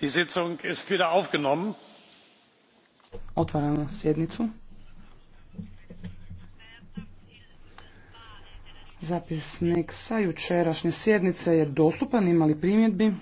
Die Sitzung wieder aufgenommen. sjednicu. Zapisnik sa jučerašnje sjednice je dostupan, imali primjedbi?